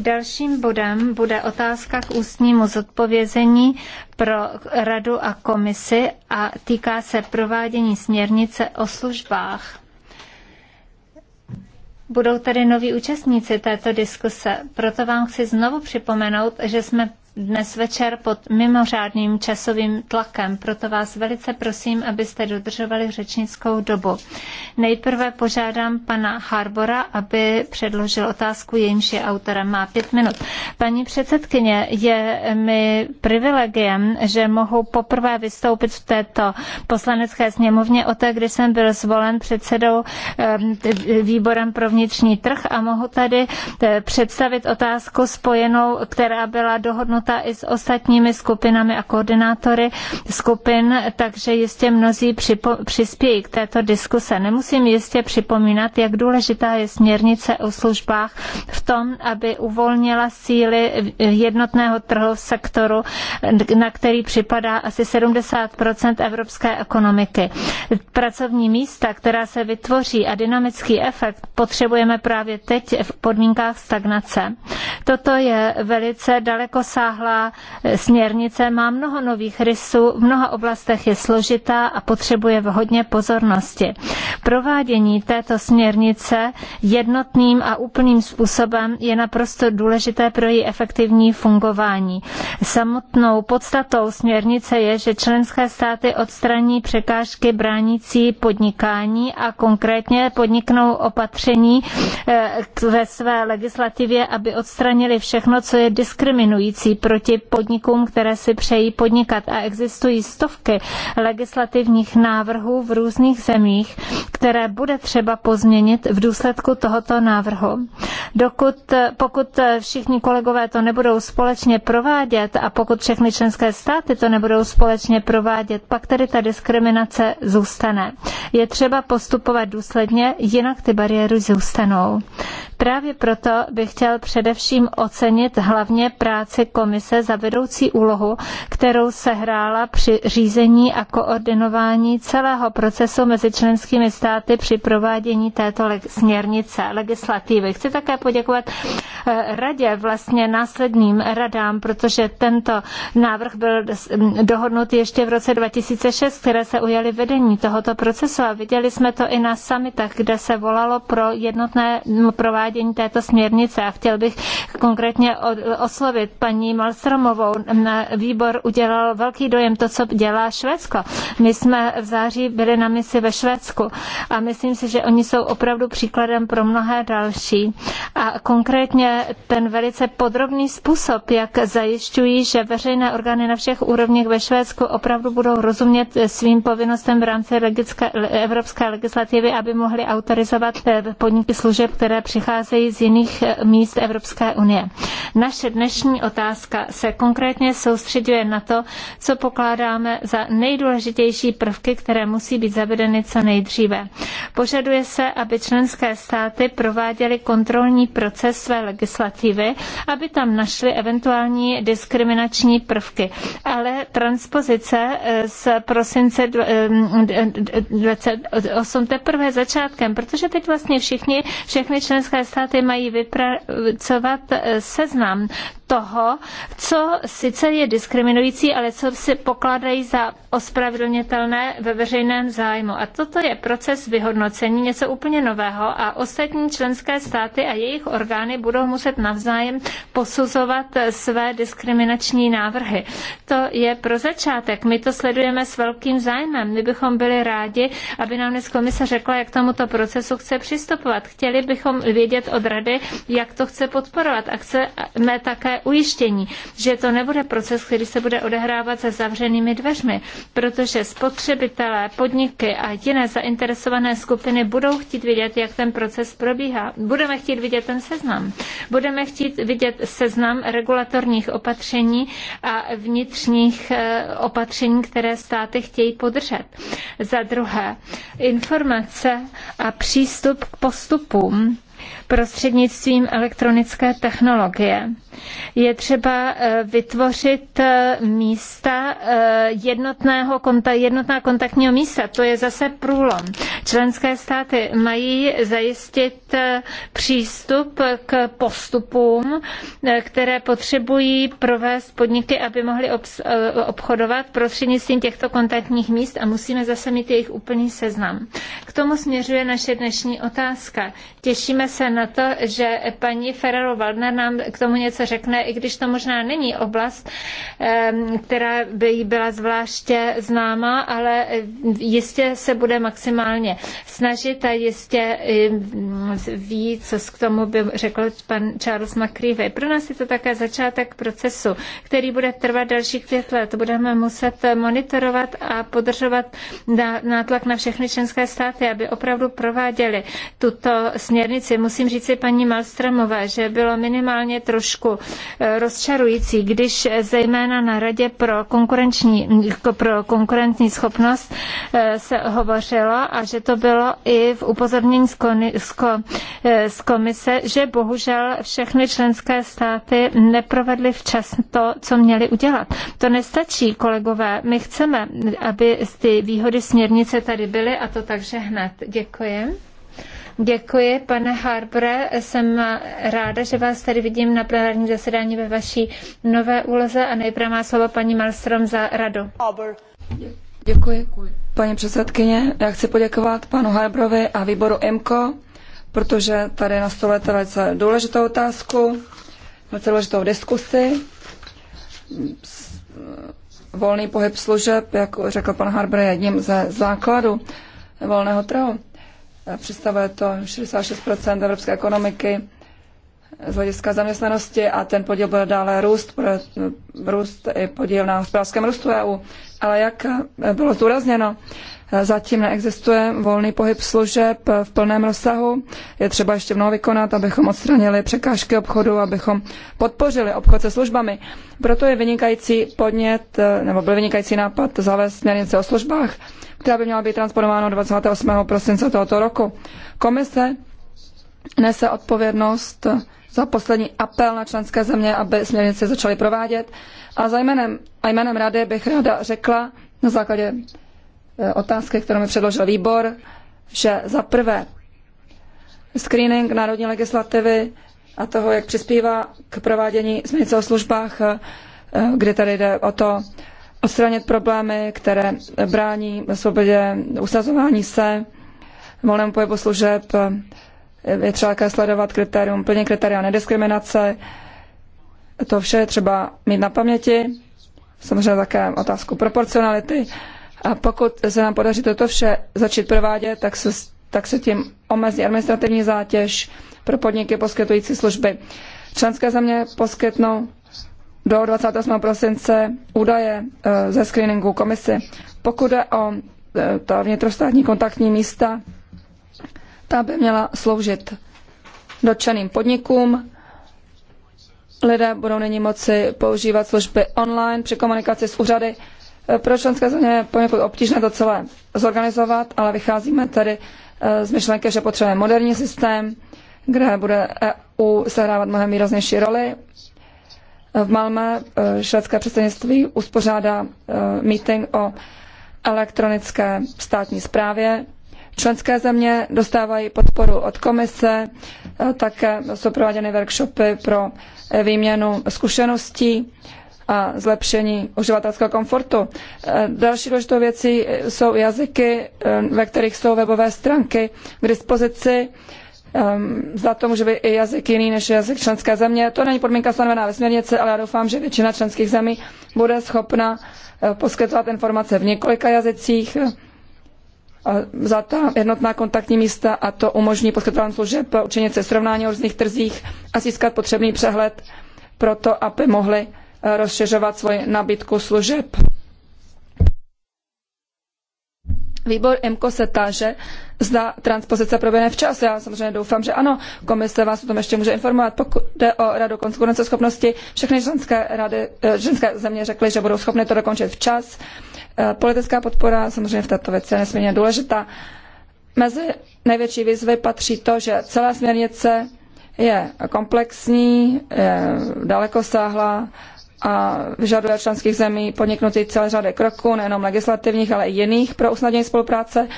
Dalším bodem bude otázka k ústnímu zodpovězení pro radu a komisi a týká se provádění směrnice o službách. Budou tady noví účastníci této diskuse, proto vám chci znovu připomenout, že jsme dnes večer pod mimořádným časovým tlakem, proto vás velice prosím, abyste dodržovali řečnickou dobu. Nejprve požádám pana Harbora, aby předložil otázku, jejímž je autorem. Má pět minut. Paní předsedkyně, je mi privilegiem, že mohu poprvé vystoupit v této poslanecké sněmovně o té, kdy jsem byl zvolen předsedou ehm, výborem pro vnitřní trh a mohu tady eh, představit otázku spojenou, která byla dohodnuta témata i s ostatními skupinami a koordinátory skupin, takže jistě mnozí připo- přispějí k této diskuse. Nemusím jistě připomínat, jak důležitá je směrnice o službách v tom, aby uvolnila síly jednotného trhu v sektoru, na který připadá asi 70 evropské ekonomiky. Pracovní místa, která se vytvoří a dynamický efekt potřebujeme právě teď v podmínkách stagnace. Toto je velice dalekosáhlé rozsáhlá eh, směrnice, má mnoho nových rysů, v mnoha oblastech je složitá a potřebuje hodně pozornosti. Provádění této směrnice jednotným a úplným způsobem je naprosto důležité pro její efektivní fungování. Samotnou podstatou směrnice je, že členské státy odstraní překážky bránící podnikání a konkrétně podniknou opatření eh, ve své legislativě, aby odstranili všechno, co je diskriminující proti podnikům, které si přejí podnikat. A existují stovky legislativních návrhů v různých zemích, které bude třeba pozměnit v důsledku tohoto návrhu. Dokud, pokud všichni kolegové to nebudou společně provádět a pokud všechny členské státy to nebudou společně provádět, pak tedy ta diskriminace zůstane. Je třeba postupovat důsledně, jinak ty bariéry zůstanou. Právě proto bych chtěl především ocenit hlavně práci komise komise za vedoucí úlohu, kterou se hrála při řízení a koordinování celého procesu mezi členskými státy při provádění této směrnice legislativy. Chci také poděkovat eh, radě, vlastně následným radám, protože tento návrh byl dohodnut ještě v roce 2006, které se ujali vedení tohoto procesu a viděli jsme to i na summitech, kde se volalo pro jednotné provádění této směrnice. A chtěl bych konkrétně oslovit paní Malstromovou. Výbor udělal velký dojem to, co dělá Švédsko. My jsme v září byli na misi ve Švédsku a myslím si, že oni jsou opravdu příkladem pro mnohé další. A konkrétně ten velice podrobný způsob, jak zajišťují, že veřejné orgány na všech úrovních ve Švédsku opravdu budou rozumět eh, svým povinnostem v rámci legické, evropské legislativy, aby mohli autorizovat eh, podniky služeb, které přicházejí z jiných eh, míst Evropské unie. Naše dnešní otázka Česka se konkrétně soustředuje na to, co pokládáme za nejdůležitější prvky, které musí být zavedeny co nejdříve. Požaduje se, aby členské státy prováděly kontrolní proces své legislativy, aby tam našly eventuální diskriminační prvky. Ale transpozice eh, z prosince 28 teprve začátkem, protože teď vlastně všichni, všechny členské státy mají vypracovat eh, seznam toho, co sice je diskriminující, ale co si pokládají za ospravedlnitelné ve veřejném zájmu. A toto je proces vyhodnocení, něco úplně nového a ostatní členské státy a jejich orgány budou muset navzájem posuzovat své diskriminační návrhy. To je pro začátek. My to sledujeme s velkým zájmem. My bychom byli rádi, aby nám dnes komise řekla, jak tomuto procesu chce přistupovat. Chtěli bychom vědět od rady, jak to chce podporovat a chceme také ujištění, že to nebude proces, který se bude odehrávat za zavřenými dveřmi, protože spotřebitelé, podniky a jiné zainteresované skupiny budou chtít vidět, jak ten proces probíhá. Budeme chtít vidět ten seznam. Budeme chtít vidět seznam regulatorních opatření a vnitřních eh, opatření, které státy chtějí podržet. Za druhé, informace a přístup k postupům prostřednictvím elektronické technologie. Je třeba eh, vytvořit eh, místa eh, jednotného konta, jednotná kontaktního místa. To je zase průlom. Členské státy mají zajistit přístup k postupům, které potřebují provést podniky, aby mohly obchodovat prostřednictvím těchto kontaktních míst a musíme zase mít jejich úplný seznam. K tomu směřuje naše dnešní otázka. Těšíme se na na to, že paní Ferrero Waldner nám k tomu něco řekne, i když to možná není oblast, která by jí byla zvláště známá, ale jistě se bude maximálně snažit a jistě ví, co k tomu by řekl pan Charles McCreevy. Pro nás je to také začátek procesu, který bude trvat dalších pět let. Budeme muset monitorovat a podržovat nátlak na všechny členské státy, aby opravdu prováděli tuto směrnici. Musím říci paní Malstramové, že bylo minimálně trošku eh, rozčarující, když zejména na Radě pro konkurenční, pro konkurenční schopnost eh, se hovořilo a že to bylo i v upozornění eh, z komise, že bohužel všechny členské státy neprovedly včas to, co měly udělat. To nestačí, kolegové. My chceme, aby ty výhody směrnice tady byly a to takže hned. Děkuji. Děkuji, pane Harbre. Jsem ráda, že vás tady vidím na plenárním zasedání ve vaší nové úloze a nejprve má slovo paní Malstrom za radu. Děkuji. Paní předsedkyně, já chci poděkovat panu Harbrovi a výboru EMKO, protože tady na stole je velice důležitou otázku, velice důležitou diskusi. Volný pohyb služeb, jak řekl pan Harbre, je jedním ze základů volného trhu. Eh, představuje to 66 evropské ekonomiky z hlediska zaměstnanosti a ten podíl bude dále růst, bude eh, růst i podíl na hospodářském růstu EU. Ale jak eh, bylo zdůrazněno, zatím neexistuje volný pohyb služeb v plném rozsahu. Je třeba ještě mnoho vykonat, abychom odstranili překážky obchodu, abychom podpořili obchod se službami. Proto je vynikající podnět, nebo byl vynikající nápad zavést směrnice o službách, která by měla být transponována 28. prosince tohoto roku. Komise nese odpovědnost za poslední apel na členské země, aby směrnice začaly provádět. A za jménem, a jménem Rady bych ráda řekla na základě eh, otázky, kterou mi předložil výbor, že za prvé screening národní legislativy a toho, jak přispívá k provádění směrnice o službách, eh, kdy tady jde o to odstranit problémy, které brání svobodě usazování se, volnému pohybu služeb, je třeba také sledovat kritérium, plně kritéria nediskriminace. To vše je třeba mít na paměti. Samozřejmě také otázku proporcionality. A pokud se nám podaří toto vše začít provádět, tak se, tak se tím omezí administrativní zátěž pro podniky poskytující služby. Členské země poskytnou do 28. prosince údaje eh, ze screeningu komisi. Pokud je o eh, ta vnitrostátní kontaktní místa, ta by měla sloužit dotčeným podnikům. Lidé budou nyní moci používat služby online při komunikaci s úřady. Eh, pro členské země je poněkud obtížné to celé zorganizovat, ale vycházíme tedy z myšlenky, že potřebujeme moderní systém, kde bude EU sehrávat mnohem výraznější roli v Malmö eh, švédské předsednictví uspořádá eh, meeting o elektronické státní správě. Členské země dostávají podporu od komise, eh, také jsou prováděny workshopy pro výměnu zkušeností a zlepšení uživatelského komfortu. Další důležitou věcí jsou jazyky, ve kterých jsou webové stránky k dispozici Ehm, za to může být i jazyk jiný než jazyk členské země. To není podmínka stanovená ve směrnici, ale já doufám, že většina členských zemí bude schopna eh, poskytovat informace v několika jazycích za ta jednotná kontaktní místa a to umožní poskytovatelům služeb učinit se srovnání o různých trzích a získat potřebný přehled pro to, aby mohli eh, rozšiřovat svoji nabídku služeb. Výbor IMCO se táže, zda transpozice proběhne včas. Já samozřejmě doufám, že ano. Komise vás o tom ještě může informovat. Pokud jde o Radu konkurenceschopnosti, všechny ženské, rady, ženské eh, země řekly, že budou schopny to dokončit včas. Eh, politická podpora samozřejmě v této věci je nesmírně důležitá. Mezi největší výzvy patří to, že celá směrnice je komplexní, je dalekosáhlá, a vyžaduje členských zemí podniknutí celé řady kroků, nejenom legislativních, ale i jiných pro usnadnění spolupráce.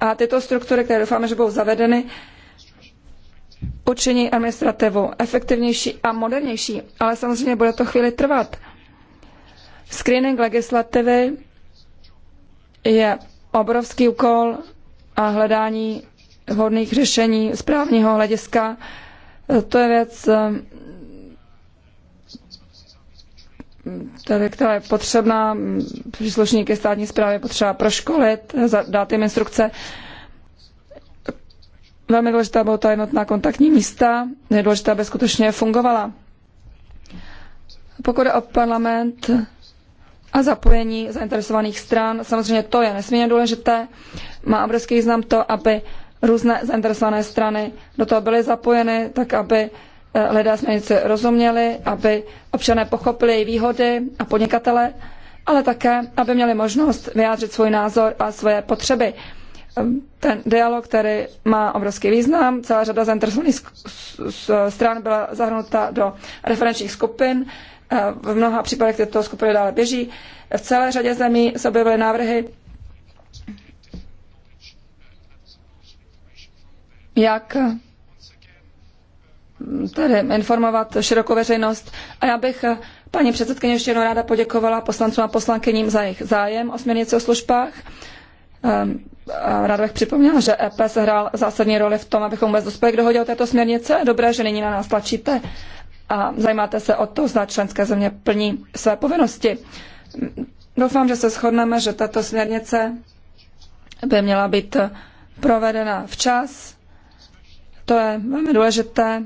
A tyto struktury, které doufáme, že budou zavedeny, učiní administrativu efektivnější a modernější, ale samozřejmě bude to chvíli trvat. Screening legislativy je obrovský úkol a hledání vhodných řešení správního hlediska. To je věc, tedy, která je potřebná, příslušníky státní zprávy potřeba proškolit, dát jim instrukce. Velmi důležitá byla ta jednotná kontaktní místa, je důležité, aby skutečně fungovala. Pokud je o parlament a zapojení zainteresovaných stran, samozřejmě to je nesmírně důležité. Má obrovský význam to, aby různé zainteresované strany do toho byly zapojeny, tak aby Eh, lidé jsme něco rozuměli, aby občané pochopili její výhody a podnikatele, ale také, aby měli možnost vyjádřit svůj názor a svoje potřeby. Ehm, Ten dialog, který má obrovský význam, celá řada zainteresovaných stran byla zahrnuta do referenčních skupin, eh, v mnoha případech tyto skupiny dále běží. V celé řadě zemí se objevily návrhy, jak tedy informovat širokou veřejnost. A já bych eh, paní předsedkyně ještě jednou ráda poděkovala poslancům a poslankyním za jejich zájem o směrnici o službách. Eh, ráda bych připomněla, že EP sehrál zásadní roli v tom, abychom vůbec dospěli k dohodě o této směrnice. Dobré, že nyní na nás tlačíte a zajímáte se o to, zda členské země plní své povinnosti. Doufám, že se shodneme, že tato směrnice by měla být provedena včas to je velmi důležité,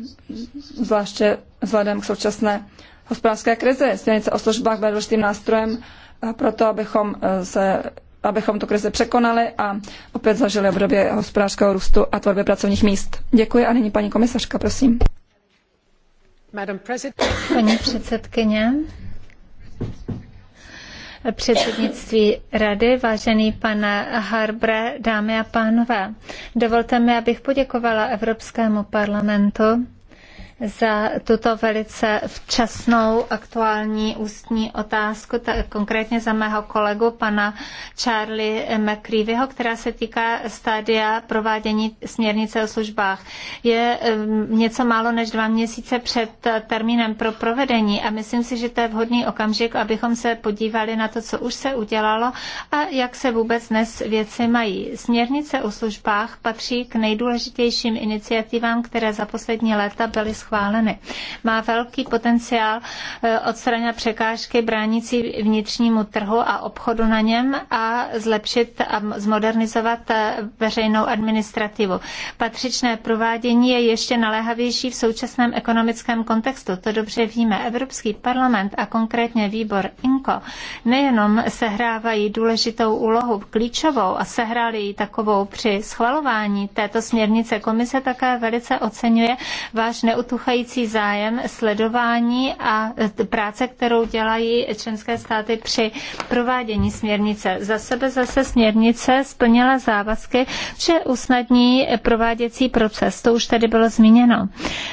zvláště vzhledem k současné hospodářské krizi. Směrnice o službách bude důležitým nástrojem eh, pro to, abychom, eh, se, abychom tu krizi překonali a opět zažili období hospodářského růstu a tvorby pracovních míst. Děkuji a nyní paní komisařka, prosím. Paní předsedkyně, předsednictví rady, vážený pane Harbre, dámy a pánové. Dovolte mi, abych poděkovala Evropskému parlamentu za tuto velice včasnou aktuální ústní otázku, konkrétně za mého kolegu pana Charlie McCreevyho, která se týká stádia provádění směrnice o službách. Je něco málo než dva měsíce před termínem pro provedení a myslím si, že to je vhodný okamžik, abychom se podívali na to, co už se udělalo a jak se vůbec dnes věci mají. Směrnice o službách patří k nejdůležitějším iniciativám, které za poslední léta byly schváleny. Má velký potenciál eh, odstranit překážky bránící vnitřnímu trhu a obchodu na něm a zlepšit a zmodernizovat eh, veřejnou administrativu. Patřičné provádění je ještě naléhavější v současném ekonomickém kontextu. To dobře víme. Evropský parlament a konkrétně výbor INKO. nejenom sehrávají důležitou úlohu, klíčovou a sehráli ji takovou při schvalování této směrnice. Komise také velice oceňuje váš neutu neutuchající zájem sledování a práce, kterou dělají členské státy při provádění směrnice. Za sebe zase směrnice splnila závazky, že usnadní prováděcí proces. To už tady bylo zmíněno.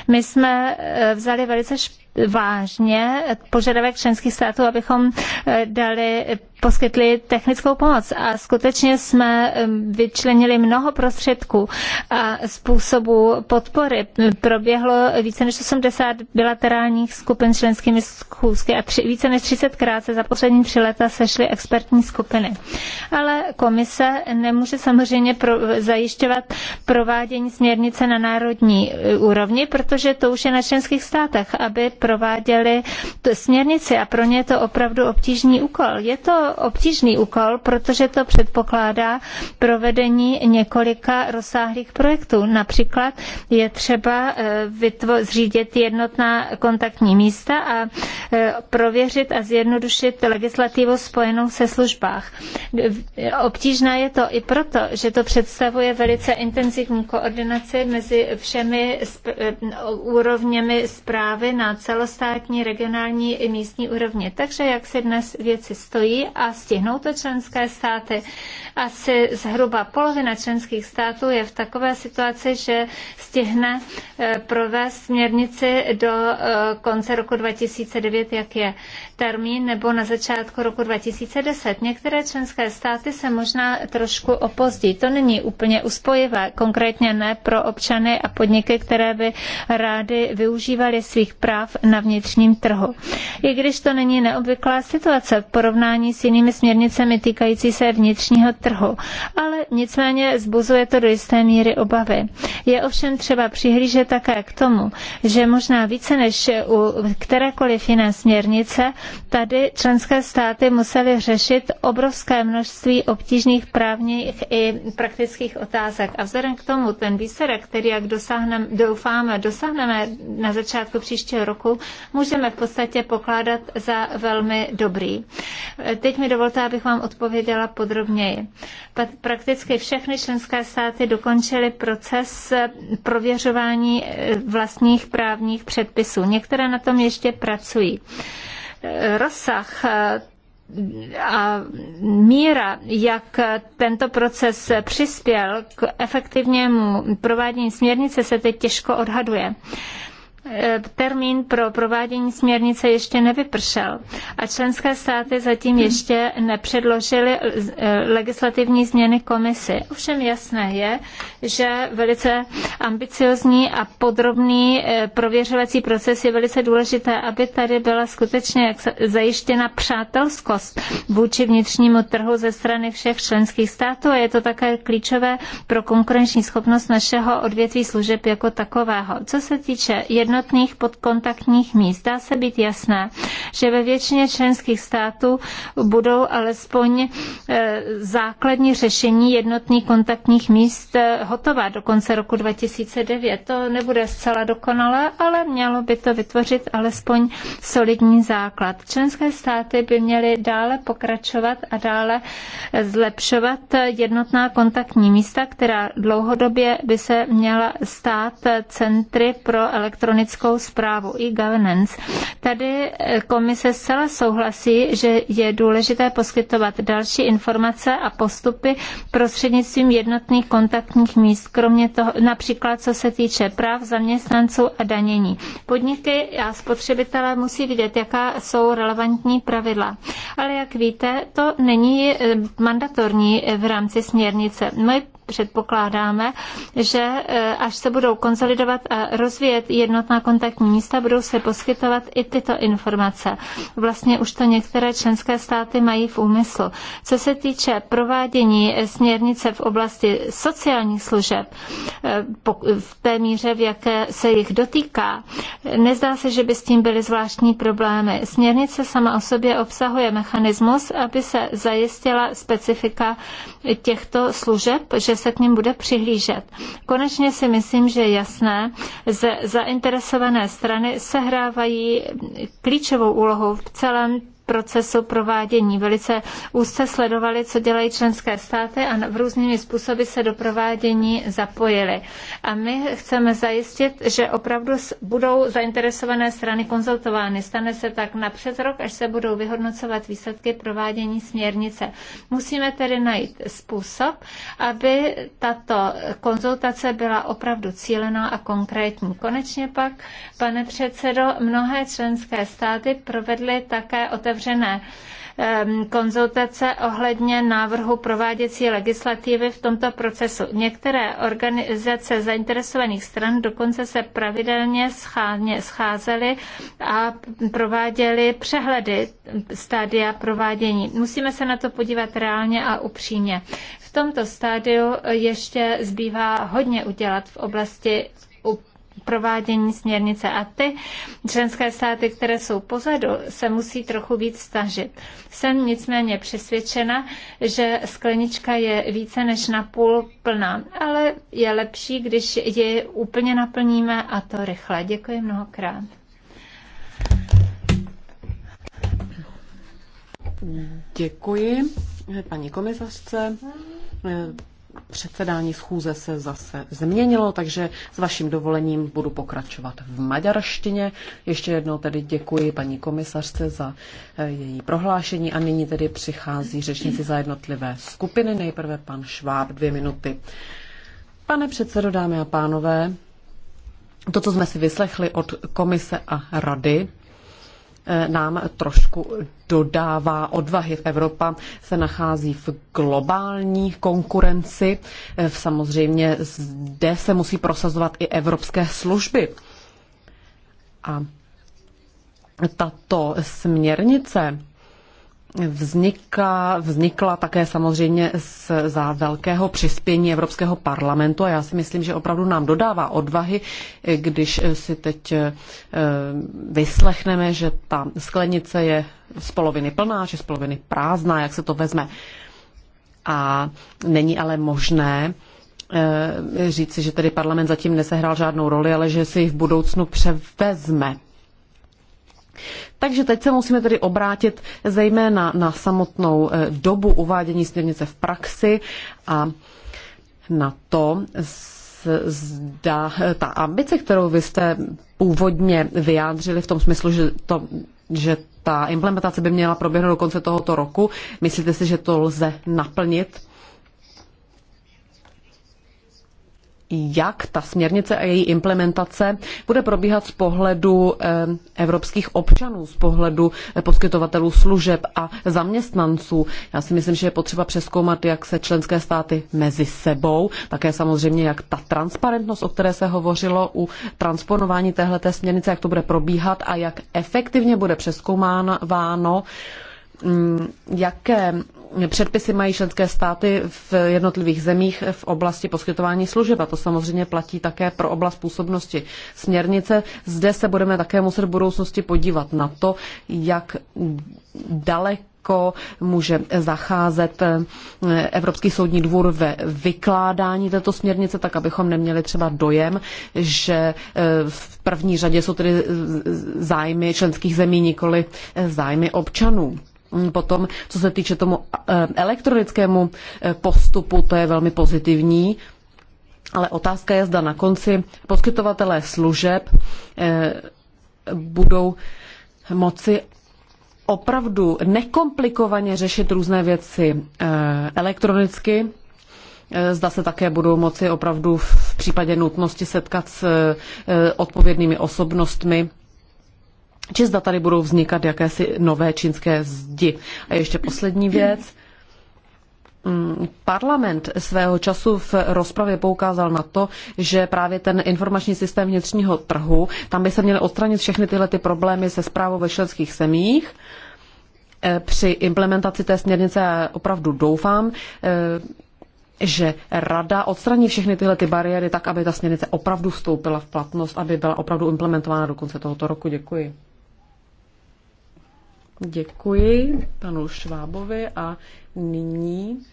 My jsme e, vzali velice špatně vážně požadavek členských států, abychom eh, dali, poskytli technickou pomoc. A skutečně jsme eh, vyčlenili mnoho prostředků a způsobů podpory. Proběhlo více než 80 bilaterálních skupin s členskými schůzky a tři, více než 30 krát se za poslední tři leta sešly expertní skupiny. Ale komise nemůže samozřejmě pro, zajišťovat provádění směrnice na národní eh, úrovni, protože to už je na členských státech, aby prováděli směrnici a pro ně je to opravdu obtížný úkol. Je to obtížný úkol, protože to předpokládá provedení několika rozsáhlých projektů. Například je třeba eh, vytvo- zřídit jednotná kontaktní místa a eh, prověřit a zjednodušit legislativu spojenou se službách. Obtížná je to i proto, že to představuje velice intenzivní koordinaci mezi všemi eh, úrovněmi zprávy na celé celostátní, regionální i místní úrovni. Takže jak se dnes věci stojí a stihnou to členské státy, asi zhruba polovina členských států je v takové situaci, že stihne eh, provést směrnici do eh, konce roku 2009, jak je termín, nebo na začátku roku 2010. Některé členské státy se možná trošku opozdí. To není úplně uspojivé, konkrétně ne pro občany a podniky, které by rády využívali svých práv na vnitřním trhu. I když to není neobvyklá situace v porovnání s jinými směrnicemi týkající se vnitřního trhu, ale nicméně zbuzuje to do jisté míry obavy. Je ovšem třeba přihlížet také k tomu, že možná více než u kterékoliv jiné směrnice, tady členské státy musely řešit obrovské množství obtížných právních i praktických otázek. A vzhledem k tomu ten výsledek, který jak dosáhneme, doufáme, dosáhneme na začátku příštího roku, roku můžeme v podstatě pokládat za velmi dobrý. Teď mi dovolte, abych vám odpověděla podrobněji. Prakticky všechny členské státy dokončily proces prověřování eh, vlastních právních předpisů. Některé na tom ještě pracují. Eh, rozsah eh, a míra, jak tento proces přispěl k efektivnímu provádění směrnice, se teď těžko odhaduje termín pro provádění směrnice ještě nevypršel a členské státy zatím ještě nepředložily eh, legislativní změny komisi. Ovšem jasné je, že velice ambiciozní a podrobný eh, prověřovací proces je velice důležité, aby tady byla skutečně zajištěna přátelskost vůči vnitřnímu trhu ze strany všech členských států a je to také klíčové pro konkurenční schopnost našeho odvětví služeb jako takového. Co se týče jedn jednotných podkontaktních míst. Dá se být jasné, že ve většině členských států budou alespoň e, základní řešení jednotných kontaktních míst e, hotová do konce roku 2009. To nebude zcela dokonalé, ale mělo by to vytvořit alespoň solidní základ. Členské státy by měly dále pokračovat a dále zlepšovat jednotná kontaktní místa, která dlouhodobě by se měla stát centry pro elektronické elektronickou zprávu i e governance. Tady eh, komise zcela souhlasí, že je důležité poskytovat další informace a postupy prostřednictvím jednotných kontaktních míst, kromě toho například co se týče práv zaměstnanců a danění. Podniky a spotřebitelé musí vidět, jaká jsou relevantní pravidla. Ale jak víte, to není eh, mandatorní v rámci směrnice. Moje předpokládáme, že e, až se budou konsolidovat a rozvíjet jednotná kontaktní místa, budou se poskytovat i tyto informace. Vlastně už to některé členské státy mají v úmyslu. Co se týče provádění směrnice v oblasti sociálních služeb, e, v té míře, v jaké se jich dotýká, nezdá se, že by s tím byly zvláštní problémy. Směrnice sama o sobě obsahuje mechanismus, aby se zajistila specifika těchto služeb, že se k ním bude přihlížet. Konečně si myslím, že je jasné, že zainteresované strany sehrávají klíčovou úlohu v celém procesu provádění. Velice úzce sledovali, co dělají členské státy a v různými způsoby se do provádění zapojili. A my chceme zajistit, že opravdu budou zainteresované strany konzultovány. Stane se tak na přes rok, až se budou vyhodnocovat výsledky provádění směrnice. Musíme tedy najít způsob, aby tato konzultace byla opravdu cílená a konkrétní. Konečně pak, pane předsedo, mnohé členské státy provedly také otevřené uzavřené ehm, konzultace ohledně návrhu prováděcí legislativy v tomto procesu. Některé organizace zainteresovaných stran dokonce se pravidelně scházely a prováděly přehledy stádia provádění. Musíme se na to podívat reálně a upřímně. V tomto stádiu ještě zbývá hodně udělat v oblasti provádění směrnice. A ty členské státy, které jsou pozadu, se musí trochu víc stažit. Jsem nicméně přesvědčena, že sklenička je více než napůl plná, ale je lepší, když ji úplně naplníme a to rychle. Děkuji mnohokrát. Děkuji paní komisařce předsedání schůze se zase změnilo, takže s vaším dovolením budu pokračovat v maďarštině. Ještě jednou tedy děkuji paní komisařce za eh, její prohlášení a nyní tedy přichází řečníci za jednotlivé skupiny. Nejprve pan Šváb, dvě minuty. Pane předsedo, dámy a pánové, to, co jsme si vyslechli od komise a rady, Eh, nám trošku dodává odvahy. Evropa se nachází v globální konkurenci. Eh, samozřejmě zde se musí prosazovat i evropské služby. A tato směrnice vzniká, vznikla také samozřejmě z, za velkého přispění Evropského parlamentu a já si myslím, že opravdu nám dodává odvahy, když si teď eh, vyslechneme, že ta sklenice je z poloviny plná, že z poloviny prázdná, jak se to vezme. A není ale možné eh, říci, že tedy parlament zatím nesehrál žádnou roli, ale že si ji v budoucnu převezme takže teď se musíme tedy obrátit zejména na samotnou eh, dobu uvádění směrnice v praxi a na to, zda eh, ta ambice, kterou vy jste původně vyjádřili v tom smyslu, že, to, že ta implementace by měla proběhnout do konce tohoto roku, myslíte si, že to lze naplnit? jak ta směrnice a její implementace bude probíhat z pohledu eh, evropských občanů, z pohledu eh, poskytovatelů služeb a zaměstnanců. Já si myslím, že je potřeba přeskoumat, jak se členské státy mezi sebou, také samozřejmě, jak ta transparentnost, o které se hovořilo u transponování téhleté směrnice, jak to bude probíhat a jak efektivně bude přeskoumáno, mm, jaké předpisy mají členské státy v jednotlivých zemích v oblasti poskytování služeb a to samozřejmě platí také pro oblast působnosti směrnice. Zde se budeme také muset v budoucnosti podívat na to, jak daleko může zacházet eh, Evropský soudní dvůr ve vykládání této směrnice, tak abychom neměli třeba dojem, že eh, v první řadě jsou tedy zájmy členských zemí, nikoli eh, zájmy občanů. Mm, potom, co se týče tomu eh, elektronickému eh, postupu, to je velmi pozitivní. Ale otázka je, zda na konci poskytovatelé služeb eh, budou moci opravdu nekomplikovaně řešit různé věci elektronicky. Zda se také budou moci opravdu v případě nutnosti setkat s odpovědnými osobnostmi či zda tady budou vznikat jakési nové čínské zdi. A ještě poslední věc. Mm, Parlament svého času v rozpravě poukázal na to, že právě ten informační systém vnitřního trhu, tam by se měly odstranit všechny tyhle ty problémy se zprávou ve členských semích. E, při implementaci té směrnice opravdu doufám, e, že rada odstraní všechny tyhle ty bariéry tak, aby ta směrnice opravdu vstoupila v platnost, aby byla opravdu implementována do konce tohoto roku. Děkuji. Děkuji panu Švábovi a nyní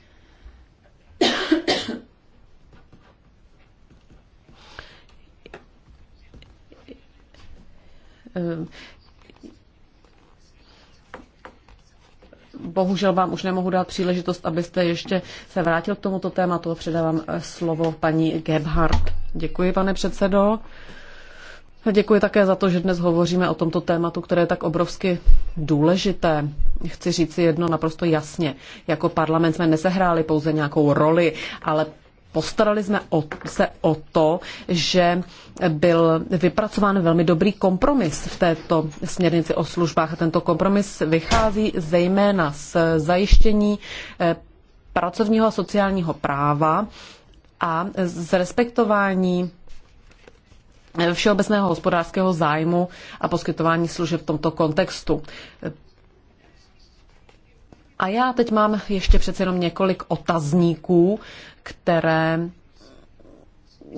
Bohužel vám už nemohu dát příležitost, abyste ještě se vrátil k tomuto tématu předávám slovo paní Gebhardt. Děkuji, pane předsedo. No, děkuji také za to, že dnes hovoříme o tomto tématu, které je tak obrovsky důležité. Chci říci jedno naprosto jasně. Jako parlament jsme nesehráli pouze nějakou roli, ale postarali jsme o, se o to, že byl vypracován velmi dobrý kompromis v této směrnici o službách. A tento kompromis vychází zejména z zajištění eh, pracovního a sociálního práva a z respektování všeobecného hospodářského zájmu a poskytování služeb v tomto kontextu. A já teď mám ještě přece jenom několik otazníků, které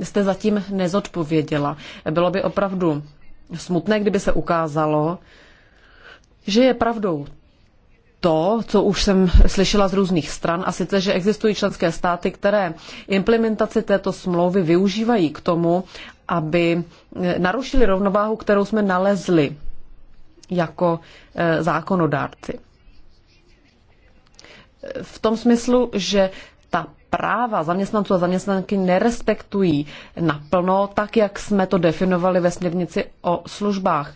jste zatím nezodpověděla. Bylo by opravdu smutné, kdyby se ukázalo, že je pravdou to, co už jsem slyšela z různých stran, a sice, že existují členské státy, které implementaci této smlouvy využívají k tomu, aby eh, narušili rovnováhu, kterou jsme nalezli jako eh, zákonodárci. V tom smyslu, že ta práva zaměstnanců a zaměstnanky nerespektují naplno, tak jak jsme to definovali ve směrnici o službách.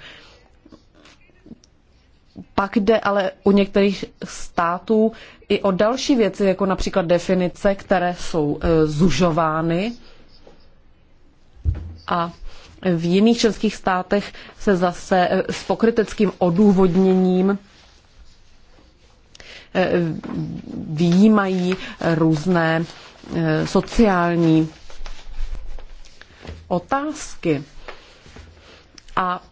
Pak jde ale u některých států i o další věci, jako například definice, které jsou eh, zužovány a v jiných členských státech se zase eh, s pokryteckým odůvodněním eh, výjímají různé eh, sociální otázky. A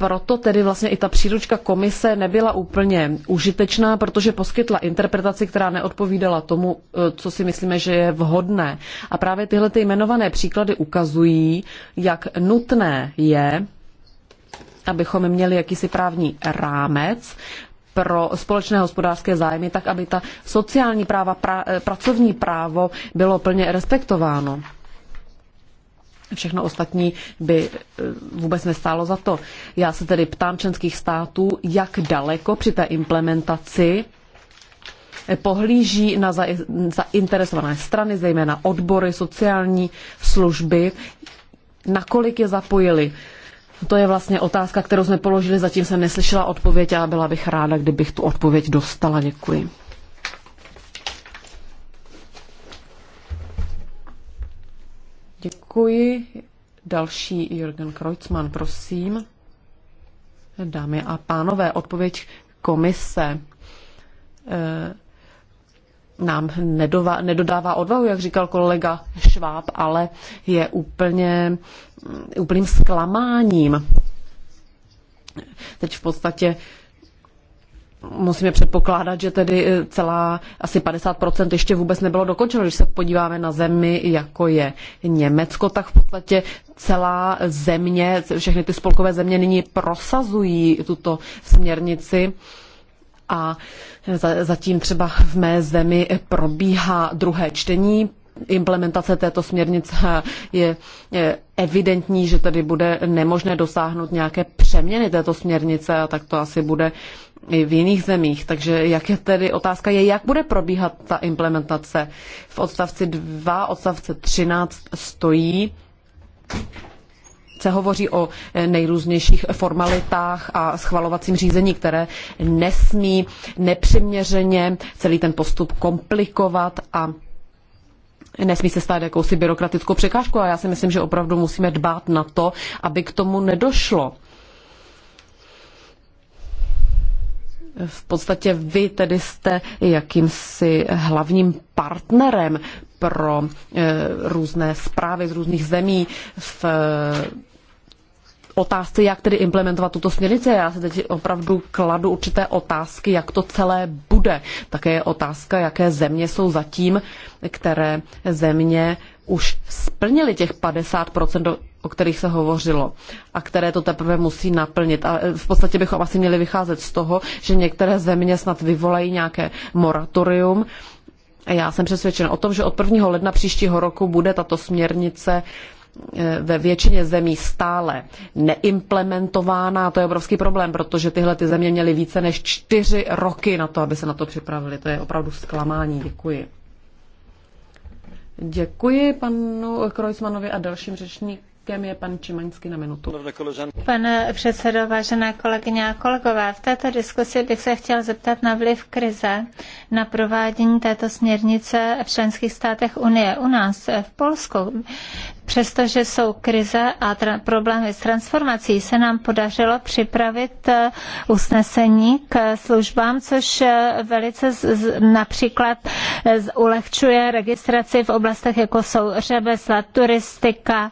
proto tedy vlastně i ta příručka komise nebyla úplně užitečná, protože poskytla interpretaci, která neodpovídala tomu, e, co si myslíme, že je vhodné. A právě tyhle ty jmenované příklady ukazují, jak nutné je, abychom měli jakýsi právní rámec pro společné hospodářské zájmy, tak aby ta sociální práva, pra, e, pracovní právo bylo plně respektováno. Všechno ostatní by eh, vůbec nestálo za to. Já se tedy ptám členských států, jak daleko při té implementaci eh, pohlíží na zainteresované strany, zejména odbory, sociální služby, nakolik je zapojili. To je vlastně otázka, kterou jsme položili, zatím jsem neslyšela odpověď a byla bych ráda, kdybych tu odpověď dostala. Děkuji. Děkuji. Další Jürgen Kreutzmann, prosím. Dámy a pánové, odpověď komise eh, nám nedova, nedodává odvahu, jak říkal kolega Šváb, ale je úplně, mm, úplným zklamáním. Teď v podstatě musíme předpokládat, že tedy e, celá asi 50% ještě vůbec nebylo dokončeno. Když se podíváme na zemi, jako je Německo, tak v podstatě celá země, všechny ty spolkové země nyní prosazují tuto směrnici. A zatím třeba v mé zemi probíhá druhé čtení, implementace této směrnice je evidentní, že tady bude nemožné dosáhnout nějaké přeměny této směrnice a tak to asi bude i v jiných zemích. Takže jak je tedy otázka je, jak bude probíhat ta implementace. V odstavci 2, odstavce 13 stojí, se hovoří o nejrůznějších formalitách a schvalovacím řízení, které nesmí nepřiměřeně celý ten postup komplikovat a nesmí se stát jakousi byrokratickou překážku a já si myslím, že opravdu musíme dbát na to, aby k tomu nedošlo. V podstatě vy tedy jste jakýmsi hlavním partnerem pro eh, různé zprávy z různých zemí v otázce, jak tedy implementovat tuto směrnici. Já se teď opravdu kladu určité otázky, jak to celé bude. Také je otázka, jaké země jsou zatím, které země už splnily těch 50%, o kterých se hovořilo a které to teprve musí naplnit. A eh, v podstatě bychom asi měli vycházet z toho, že některé země snad vyvolají nějaké moratorium, já jsem přesvědčen o tom, že od 1. ledna příštího roku bude tato směrnice uh, E, ve většině zemí stále neimplementována a to je obrovský problém, protože tyhle ty země měly více než čtyři roky na to, aby se na to připravili. To je opravdu zklamání. Děkuji. Děkuji panu Krojsmanovi a dalším řečníkům. je pan Čimaňský na minutu. Pane předsedo, vážené kolegyně a kolegové, v této diskusi bych se chtěl zeptat na vliv krize na provádění této směrnice v členských státech Unie. U nás v Polsku přestože jsou krize a problémy s transformací, se nám podařilo připravit eh, usnesení k službám, což eh, velice z, z, například eh, z, ulehčuje registraci v oblastech, jako jsou řemesla, turistika,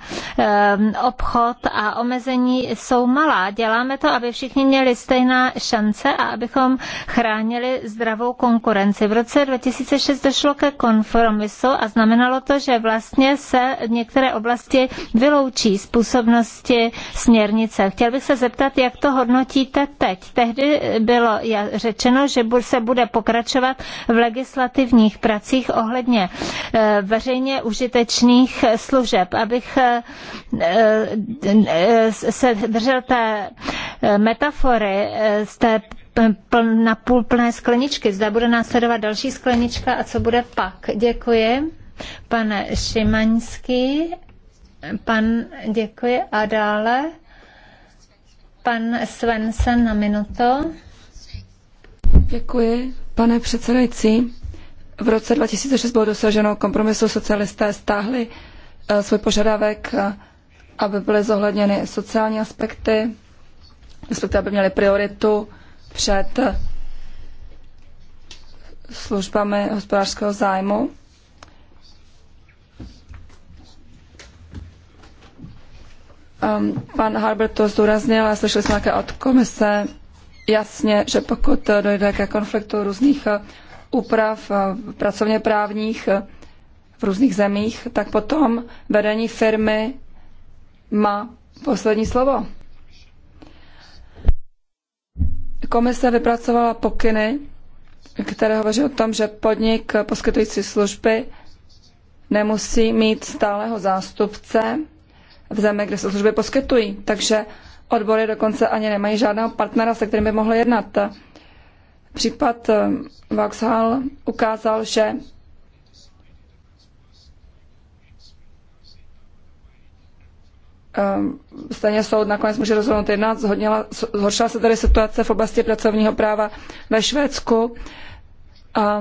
obchod a omezení jsou malá. Děláme to, aby všichni měli stejná šance a abychom chránili zdravou konkurenci. V roce 2006 došlo ke konformisu a znamenalo to, že vlastně se některé oblasti oblasti vyloučí z působnosti směrnice. Chtěl bych se zeptat, jak to hodnotíte teď. Tehdy bylo řečeno, že se bude pokračovat v legislativních pracích ohledně eh, veřejně užitečných služeb. Abych eh, eh, se držel té metafory z té na půl plné skleničky. Zda bude následovat další sklenička a co bude pak. Děkuji, pane Šimaňský. Pan, děkuji. A dále pan Svensen na minuto. Děkuji, pane předsedající. V roce 2006 bylo dosaženo kompromisu. Socialisté stáhli eh, svůj požadavek, eh, aby byly zohledněny sociální aspekty, respektive aby měly prioritu před eh, službami hospodářského zájmu. Um, pan Harbert to zdůraznil, a slyšeli jsme také od komise jasně, že pokud dojde ke konfliktu různých uh, úprav uh, pracovně právních uh, v různých zemích, tak potom vedení firmy má poslední slovo. Komise vypracovala pokyny, které hovoří o tom, že podnik poskytující služby nemusí mít stálého zástupce v zemi, kde se služby poskytují. Takže odbory dokonce ani nemají žádného partnera, se kterým by mohli jednat. Případ eh, Vauxhall ukázal, že eh, stejně soud nakonec může rozhodnout jednat. zhoršila se tedy situace v oblasti pracovního práva ve Švédsku. A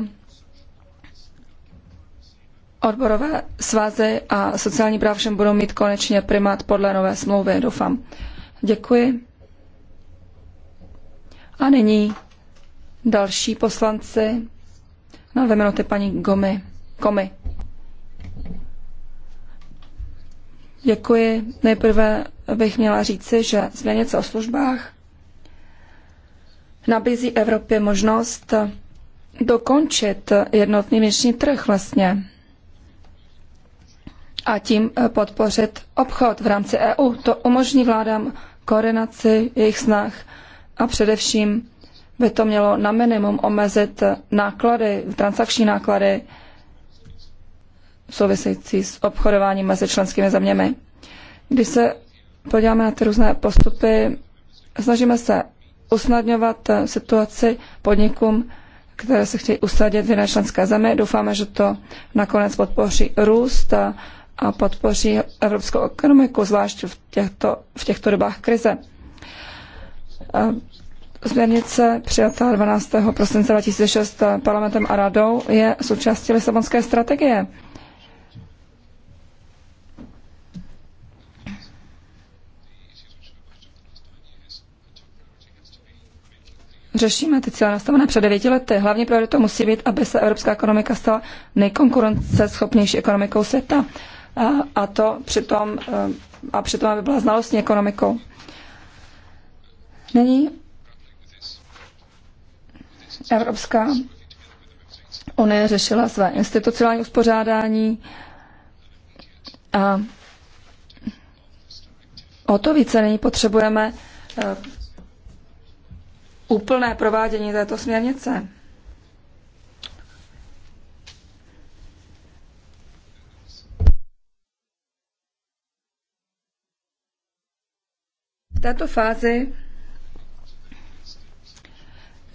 Odborové svazy a sociální práv všem budou mít konečně primát podle nové smlouvy, doufám. Děkuji. A nyní další poslanci. Na dvě minuty paní Gomy. Komy. Děkuji. Nejprve bych měla říci, že směrnice o službách nabízí Evropě možnost dokončit jednotný vnitřní trh vlastně a tím eh, podpořit obchod v rámci EU. To umožní vládám koordinaci jejich snah a především by to mělo na minimum omezit náklady, transakční náklady související s obchodováním mezi členskými zeměmi. Když se podíváme na ty různé postupy, snažíme se usnadňovat eh, situaci podnikům, které se chtějí usadit v jiné členské zemi. Doufáme, že to nakonec podpoří růst a a podpoří evropskou ekonomiku, zvlášť v těchto, v těchto dobách krize. Změrnice přijatá 12. prosince 2006 parlamentem a radou je součástí Lisabonské strategie. Řešíme ty cíle nastavené před devěti lety. Hlavní prioritou musí být, aby se evropská ekonomika stala nejkonkurenceschopnější ekonomikou světa a to přitom, eh, a přitom aby byla znalostní ekonomikou. Není Evropská unie řešila své institucionální uspořádání a o to více není potřebujeme eh, úplné provádění této směrnice. této fázi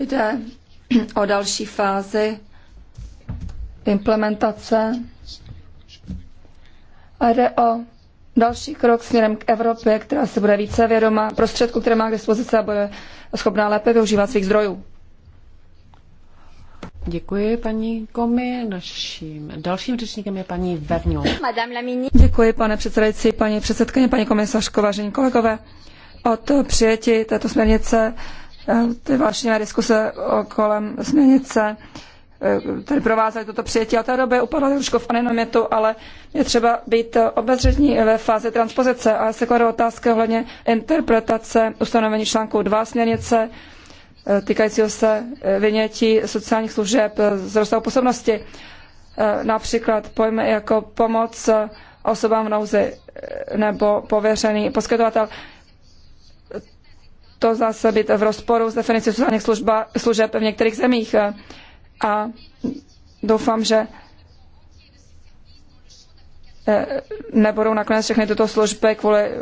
jde o další fázi implementace a jde o další krok směrem k Evropě, která se bude více vědoma prostředku, které má k dispozici a bude schopná lépe využívat svých zdrojů. Děkuji paní Komi. Naším dalším řečníkem je paní Verňo. Děkuji pane předsedající, paní předsedkyně, paní komisařko, vážení kolegové od přijetí této směrnice eh, ty vášnivé diskuse kolem směrnice eh, tady provázely toto přijetí a té doby upadla trošku v anonymitu, ale je třeba být obezřetní ve fázi transpozice a se kladu otázky ohledně interpretace ustanovení článku 2 směrnice eh, týkajícího se vynětí sociálních služeb z rozsahu působnosti. Například pojmy jako pomoc osobám v nouzi nebo pověřený poskytovatel to zase být v rozporu s definicí sociálních služba, služeb v některých zemích. A doufám, že eh, nebudou nakonec všechny tyto služby kvůli eh,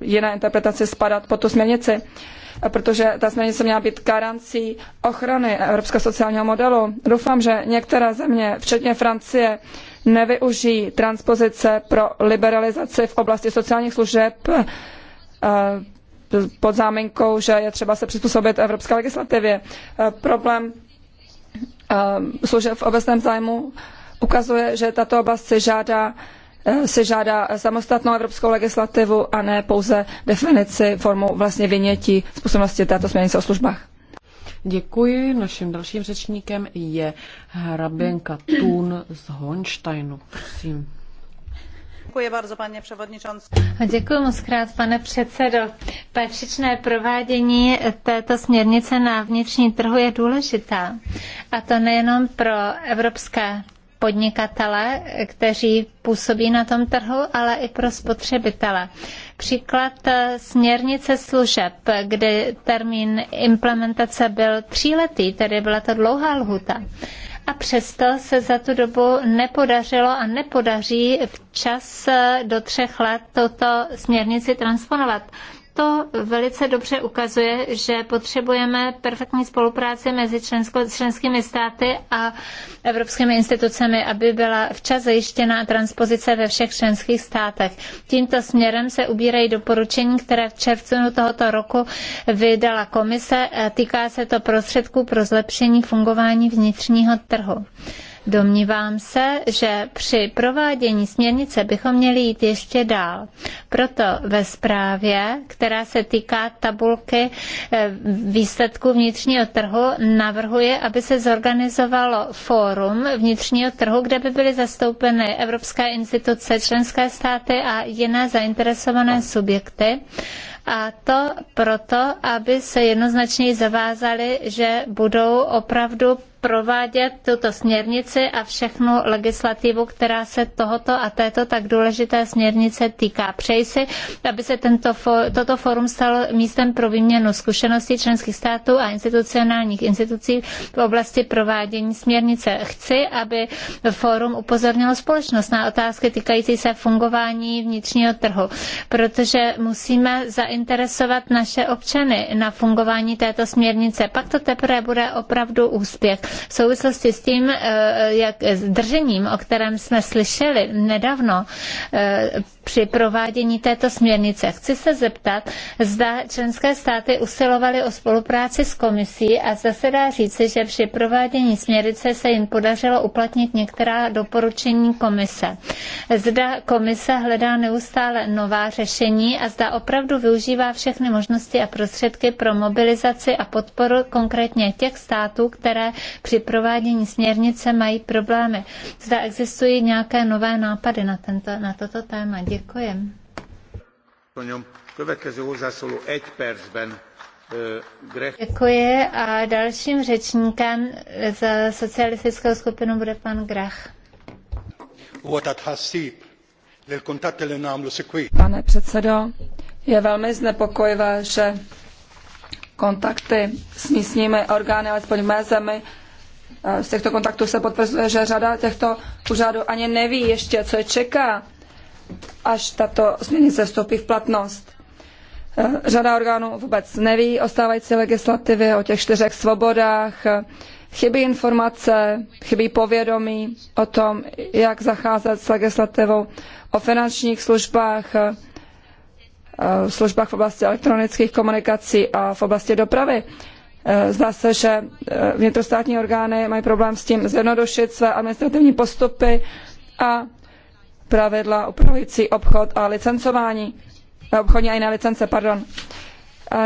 jiné interpretaci spadat pod tu směrnici. Protože ta směrnice měla být garancí ochrany evropského sociálního modelu. Doufám, že některé země, včetně Francie, nevyužijí transpozice pro liberalizaci v oblasti sociálních služeb eh, pod záminkou, že je třeba se přizpůsobit evropské legislativě. Eh, problém eh, služeb v obecném zájmu ukazuje, že tato oblast si žádá eh, si žádá samostatnou evropskou legislativu a ne pouze definici formou vlastně vynětí způsobnosti této směrnice o službách. Děkuji. Naším dalším řečníkem je hraběnka Tun z Honštajnu. Prosím. Děkuji pane předsedající. předsedo. Patřičné provádění této směrnice na vnitřní trhu je důležitá. A to nejenom pro evropské podnikatele, kteří působí na tom trhu, ale i pro spotřebitele. Příklad směrnice služeb, kdy termín implementace byl tříletý, tedy byla to dlouhá lhuta a přesto se za tu dobu nepodařilo a nepodaří včas do třech let toto směrnici transponovat to velice dobře ukazuje, že potřebujeme perfektní spolupráci mezi členskými státy a evropskými institucemi, aby byla včas zajištěna transpozice ve všech členských státech. Tímto směrem se ubírají doporučení, které v červnu tohoto roku vydala komise. Týká se to prostředků pro zlepšení fungování vnitřního trhu. Domnívám se, že při provádění směrnice bychom měli jít ještě dál. Proto ve zprávě, která se týká tabulky eh, výsledků vnitřního trhu, navrhuje, aby se zorganizovalo fórum vnitřního trhu, kde by byly zastoupeny Evropská instituce, členské státy a jiné zainteresované subjekty a to proto, aby se jednoznačně zavázali, že budou opravdu provádět tuto směrnici a všechnu legislativu, která se tohoto a této tak důležité směrnice týká. Přeji si, aby se tento, toto forum stalo místem pro výměnu zkušeností členských států a institucionálních institucí v oblasti provádění směrnice. Chci, aby forum upozornilo společnost na otázky týkající se fungování vnitřního trhu, protože musíme zainteresovat naše občany na fungování této směrnice. Pak to teprve bude opravdu úspěch. V souvislosti s tím, eh, jak s držením, o kterém jsme slyšeli nedávno eh, při provádění této směrnice, chci se zeptat, zda členské státy usilovaly o spolupráci s komisí a zase dá říci, že při provádění směrnice se jim podařilo uplatnit některá doporučení komise. Zda komise hledá neustále nová řešení a zda opravdu využívá všechny možnosti a prostředky pro mobilizaci a podporu konkrétně těch států, které při provádění směrnice mají problémy. Zda existují nějaké nové nápady na, tento, na toto téma. Děkuji. Děkuji a dalším řečníkem za socialistickou skupinu bude pan Grach. Pane předsedo, je velmi znepokojivé, že kontakty s místními orgány, alespoň v mé zemi, Eh, z těchto kontaktů se potvrzuje, že řada těchto úřadů ani neví ještě, co je čeká, až tato směrnice vstoupí v platnost. Eh, řada orgánů vůbec neví o stávající legislativě, o těch čtyřech svobodách, eh, chybí informace, chybí povědomí o tom, jak zacházet s legislativou o finančních službách, službách v oblasti elektronických komunikací a v oblasti dopravy. Eh, zdá se, že eh, vnitrostátní orgány mají problém s tím zjednodušit své administrativní postupy a pravidla upravující obchod a licencování, eh, obchodní a jiné licence, pardon.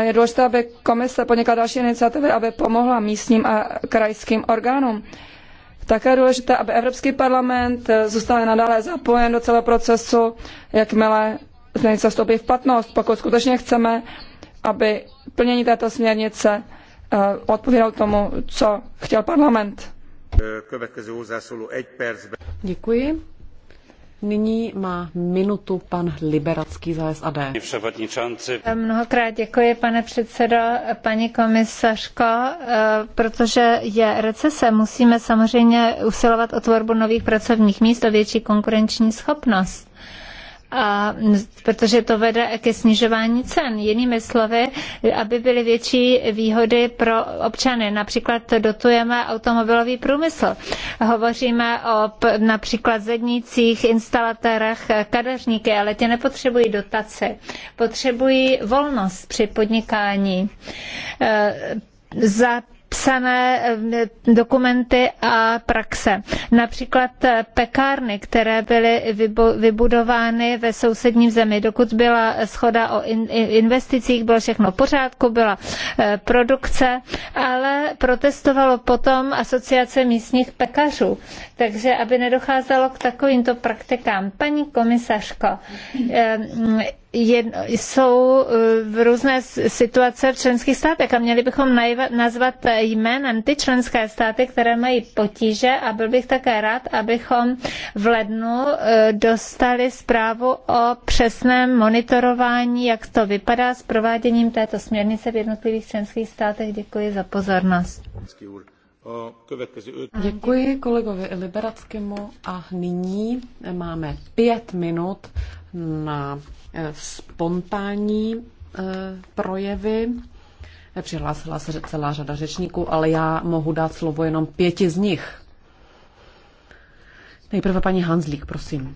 Je důležité, aby komise podnikla další iniciativy, aby pomohla místním a krajským orgánům. Také je důležité, aby Evropský parlament zůstal nadále zapojen do celého procesu, jakmile směrnice vstoupí v platnost, pokud skutečně chceme, aby plnění této směrnice Eh, odpovídal tomu, co chtěl parlament. Děkuji. Nyní má minutu pan Liberacký za SAD. Mnohokrát děkuji, pane předsedo, paní komisařko. Eh, protože je recese, musíme samozřejmě usilovat o tvorbu nových pracovních míst, a větší konkurenční schopnost a, protože to vede ke snižování cen. Jinými slovy, aby byly větší výhody pro občany. Například dotujeme automobilový průmysl. Hovoříme o například zednících, instalatérech, eh, kadeřníky, ale ti nepotřebují dotace. Potřebují volnost při podnikání eh, za psané eh, dokumenty a praxe. Například eh, pekárny, které byly vybudovány ve sousedním zemi. Dokud byla schoda o investicích, bylo všechno v pořádku, byla eh, produkce, ale protestovalo potom asociace místních pekařů, takže aby nedocházelo k takovýmto praktikám. Paní komisařko, je, jsou eh, v různé situace v členských státech a měli bychom nazvat jménem ty členské státy, které mají potíže a byl bych také rád, abychom v lednu eh, dostali zprávu o přesném monitorování, jak to vypadá s prováděním této směrnice v jednotlivých členských státech. Děkuji za pozornost. Děkuji kolegovi Liberackému a nyní máme pět minut na eh, spontánní eh, projevy. Přihlásila se celá řada řečníků, ale já mohu dát slovo jenom pěti z nich. Nejprve paní Hanzlík, prosím.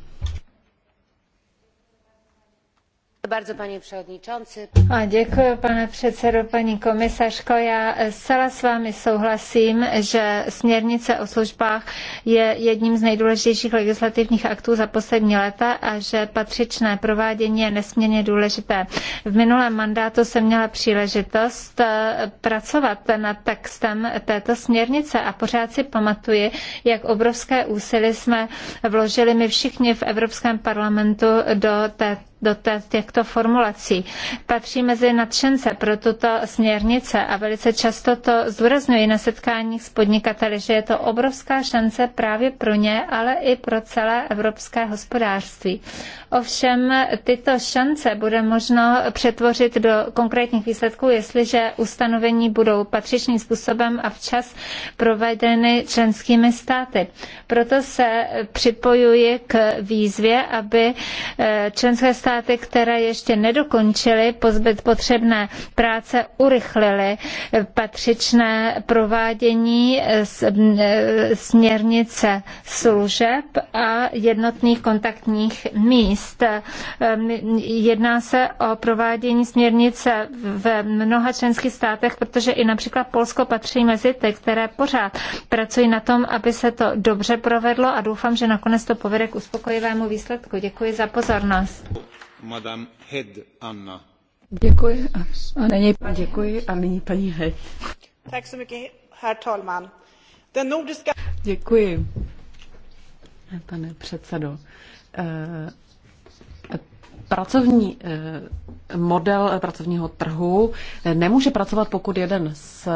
A děkuji, pane předsedo, paní komisařko. Já eh, zcela s vámi souhlasím, že směrnice o službách je jedním z nejdůležitějších legislativních aktů za poslední léta a že patřičné provádění je nesmírně důležité. V minulém mandátu jsem měla příležitost eh, pracovat nad textem této směrnice a pořád si pamatuji, jak obrovské úsilí jsme vložili my všichni v Evropském parlamentu do této do těchto formulací. Patří mezi nadšence pro tuto směrnice a velice často to zdůrazňuji na setkáních s podnikateli, že je to obrovská šance právě pro ně, ale i pro celé evropské hospodářství. Ovšem tyto šance bude možno přetvořit do konkrétních výsledků, jestliže ustanovení budou patřičným způsobem a včas provedeny členskými státy. Proto se připojuji k výzvě, aby eh, členské státy státy, které ještě nedokončily pozbyt potřebné práce, urychlily patřičné provádění eh, eh, směrnice služeb a jednotných kontaktních míst. Eh, jedná se o provádění směrnice v mnoha členských státech, protože i například Polsko patří mezi ty, které pořád pracují na tom, aby se to dobře provedlo a doufám, že nakonec to povede k uspokojivému výsledku. Děkuji za pozornost. Madame Head Anna. Děkuji. A nyní, děkuji a nyní paní Head. Tak så mycket, Děkuji, pane předsedo. Eh, Pracovní eh, model eh, pracovního trhu eh, nemůže pracovat, pokud jeden z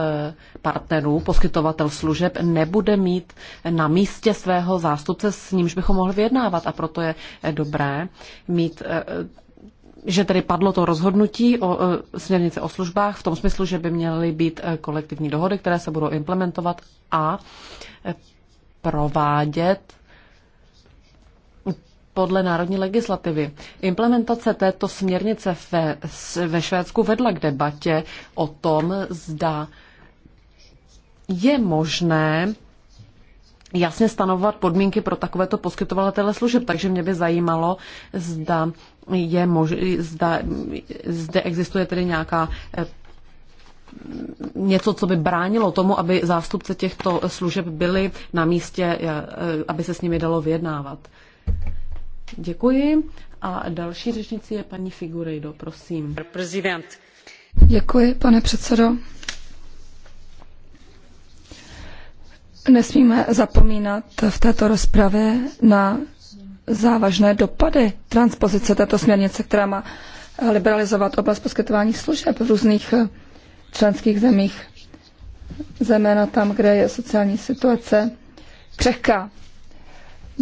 partnerů, poskytovatel služeb, nebude mít na místě svého zástupce, s nímž bychom mohli vyjednávat. A proto je dobré mít že tedy padlo to rozhodnutí o směrnice o službách v tom smyslu, že by měly být kolektivní dohody, které se budou implementovat a provádět podle národní legislativy. Implementace této směrnice ve, ve Švédsku vedla k debatě o tom, zda je možné jasně stanovovat podmínky pro takovéto poskytovatele služeb. Takže mě by zajímalo, zda, je mož, zda zde existuje tedy nějaká eh, něco, co by bránilo tomu, aby zástupce těchto služeb byli na místě, eh, eh, aby se s nimi dalo vyjednávat. Děkuji. A další řečnici je paní Figurejdo, prosím. Prezident. Děkuji, pane předsedo. Nesmíme zapomínat v této rozpravě na závažné dopady transpozice této směrnice, která má liberalizovat oblast poskytování služeb v různých členských zemích, zejména tam, kde je sociální situace křehká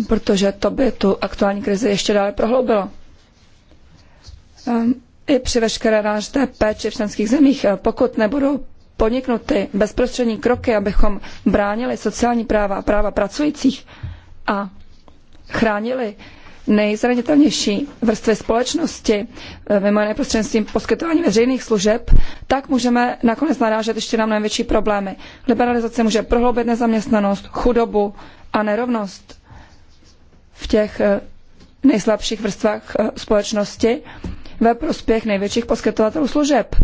protože to by tu aktuální krizi ještě dále prohloubilo. Ehm, I při veškeré nářté péči v členských zemích, eh, pokud nebudou poniknuty bezprostřední kroky, abychom bránili sociální práva a práva pracujících a chránili nejzranitelnější vrstvy společnosti, eh, mimo jiné prostřednictvím poskytování veřejných služeb, tak můžeme nakonec narážet ještě na mnohem větší problémy. Liberalizace může prohloubit nezaměstnanost, chudobu a nerovnost v těch eh, nejslabších vrstvách eh, společnosti ve prospěch největších poskytovatelů služeb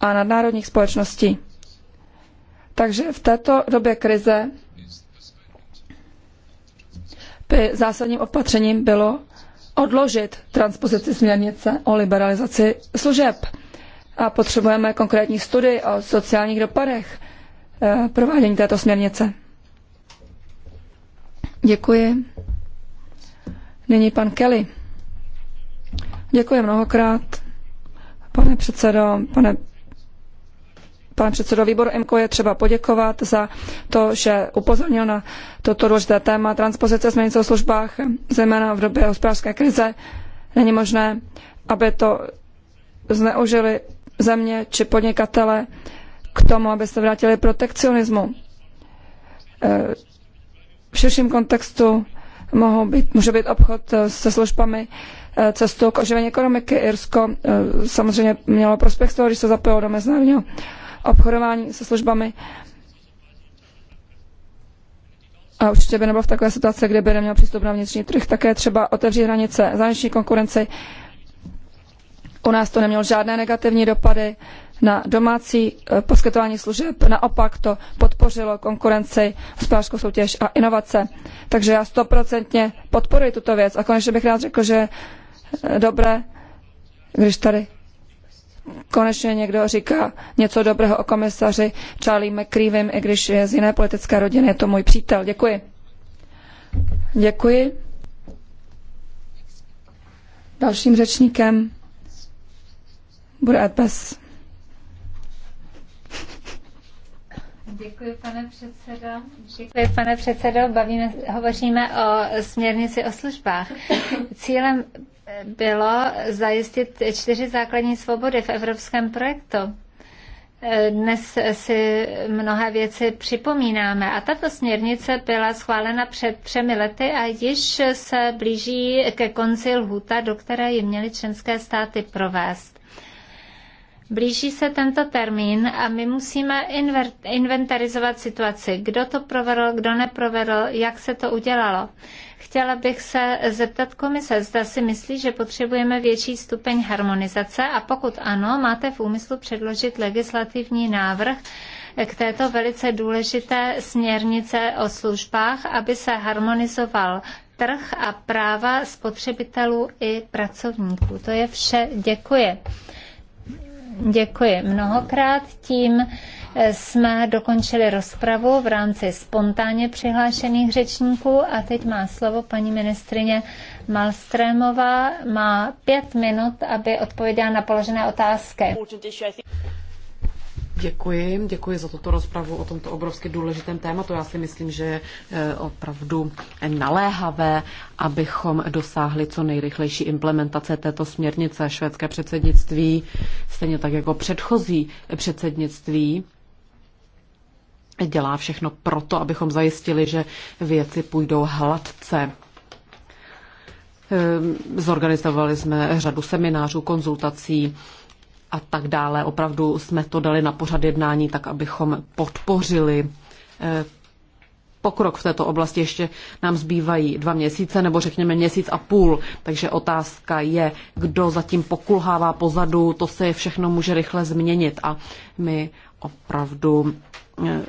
a nadnárodních společností. Takže v této době krize by zásadním opatřením bylo odložit transpozici směrnice o liberalizaci služeb. A potřebujeme konkrétní studii o sociálních dopadech eh, provádění této směrnice. Děkuji. Nyní pan Kelly. Děkuji mnohokrát. Pane předsedo, pane pane předsedo výboru IMCO je třeba poděkovat za to, že upozornil na toto důležité téma transpozice směrnice o službách, zejména v době hospodářské krize. Není možné, aby to zneužili země či podnikatele k tomu, aby se vrátili protekcionismu v širším kontextu mohou být, může být obchod eh, se službami eh, cestou k oživení ekonomiky. Irsko eh, samozřejmě mělo prospekt z toho, když se zapojilo do mezinárodního obchodování se službami. A určitě by nebylo v takové situaci, kde by neměl přístup na vnitřní trh. Také třeba otevřít hranice zahraniční konkurenci. U nás to nemělo žádné negativní dopady na domácí eh, poskytování služeb. Naopak to podpořilo konkurenci, hospodářskou soutěž a inovace. Takže já stoprocentně podporuji tuto věc. A konečně bych rád řekl, že je eh, dobré, když tady konečně někdo říká něco dobrého o komisaři Charlie McCreevym, i když je z jiné politické rodiny, je to můj přítel. Děkuji. Děkuji. Dalším řečníkem bude Edbes. Děkuji, pane předsedo. Děkuji, pane předsedo. Bavíme, hovoříme o směrnici o službách. Cílem bylo zajistit čtyři základní svobody v evropském projektu. Dnes si mnohé věci připomínáme a tato směrnice byla schválena před třemi lety a již se blíží ke konci lhuta, do které ji měly členské státy provést. Blíží se tento termín a my musíme inventarizovat situaci. Kdo to provedl, kdo neprovedl, jak se to udělalo. Chtěla bych se zeptat komise, zda si myslí, že potřebujeme větší stupeň harmonizace a pokud ano, máte v úmyslu předložit legislativní návrh, k této velice důležité směrnice o službách, aby se harmonizoval trh a práva spotřebitelů i pracovníků. To je vše. Děkuji. Děkuji mnohokrát. Tím eh, jsme dokončili rozpravu v rámci spontánně přihlášených řečníků a teď má slovo paní ministrině Malstrémová. Má pět minut, aby odpověděla na položené otázky. Děkuji, děkuji za tuto rozpravu o tomto obrovsky důležitém tématu. Já si myslím, že je eh, opravdu naléhavé, abychom dosáhli co nejrychlejší implementace této směrnice švédské předsednictví, stejně tak jako předchozí předsednictví dělá všechno proto, abychom zajistili, že věci půjdou hladce. Eh, zorganizovali jsme řadu seminářů, konzultací, a tak dále. Opravdu jsme to dali na pořad jednání, tak abychom podpořili eh, pokrok v této oblasti. Ještě nám zbývají dva měsíce, nebo řekněme měsíc a půl. Takže otázka je, kdo zatím pokulhává pozadu, to se všechno může rychle změnit. A my opravdu eh,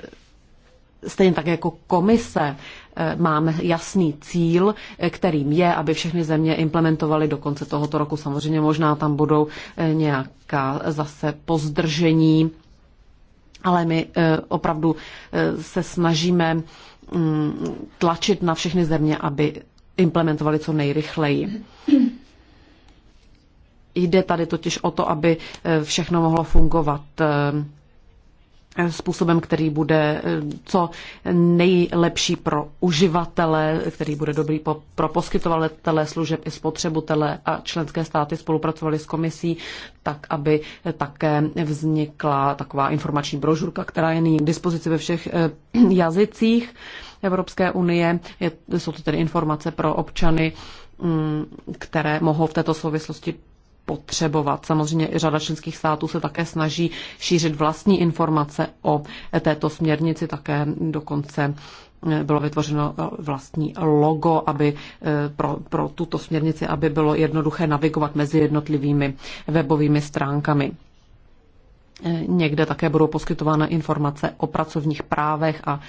Stejně tak jako komise eh, máme jasný cíl, eh, kterým je, aby všechny země implementovaly do konce tohoto roku. Samozřejmě možná tam budou eh, nějaká zase pozdržení, ale my opravdu se snažíme mm, tlačit na všechny země, aby implementovali co nejrychleji. Jde tady totiž o to, aby všechno mohlo fungovat způsobem, který bude eh, co nejlepší pro uživatele, který bude dobrý pro poskytovatele služeb i spotřebitele a členské státy spolupracovali s komisí, tak aby také vznikla taková informační brožurka, která je nyní k dispozici ve všech eh, jazycích Evropské unie. Je, jsou to tedy informace pro občany, mm, které mohou v této souvislosti potřebovat. Samozřejmě i řada členských států se také snaží šířit vlastní informace o této směrnici, také dokonce eh, bylo vytvořeno eh, vlastní logo, aby eh, pro, pro tuto směrnici, aby bylo jednoduché navigovat mezi jednotlivými webovými stránkami. Někde také budou poskytována informace o pracovních právech a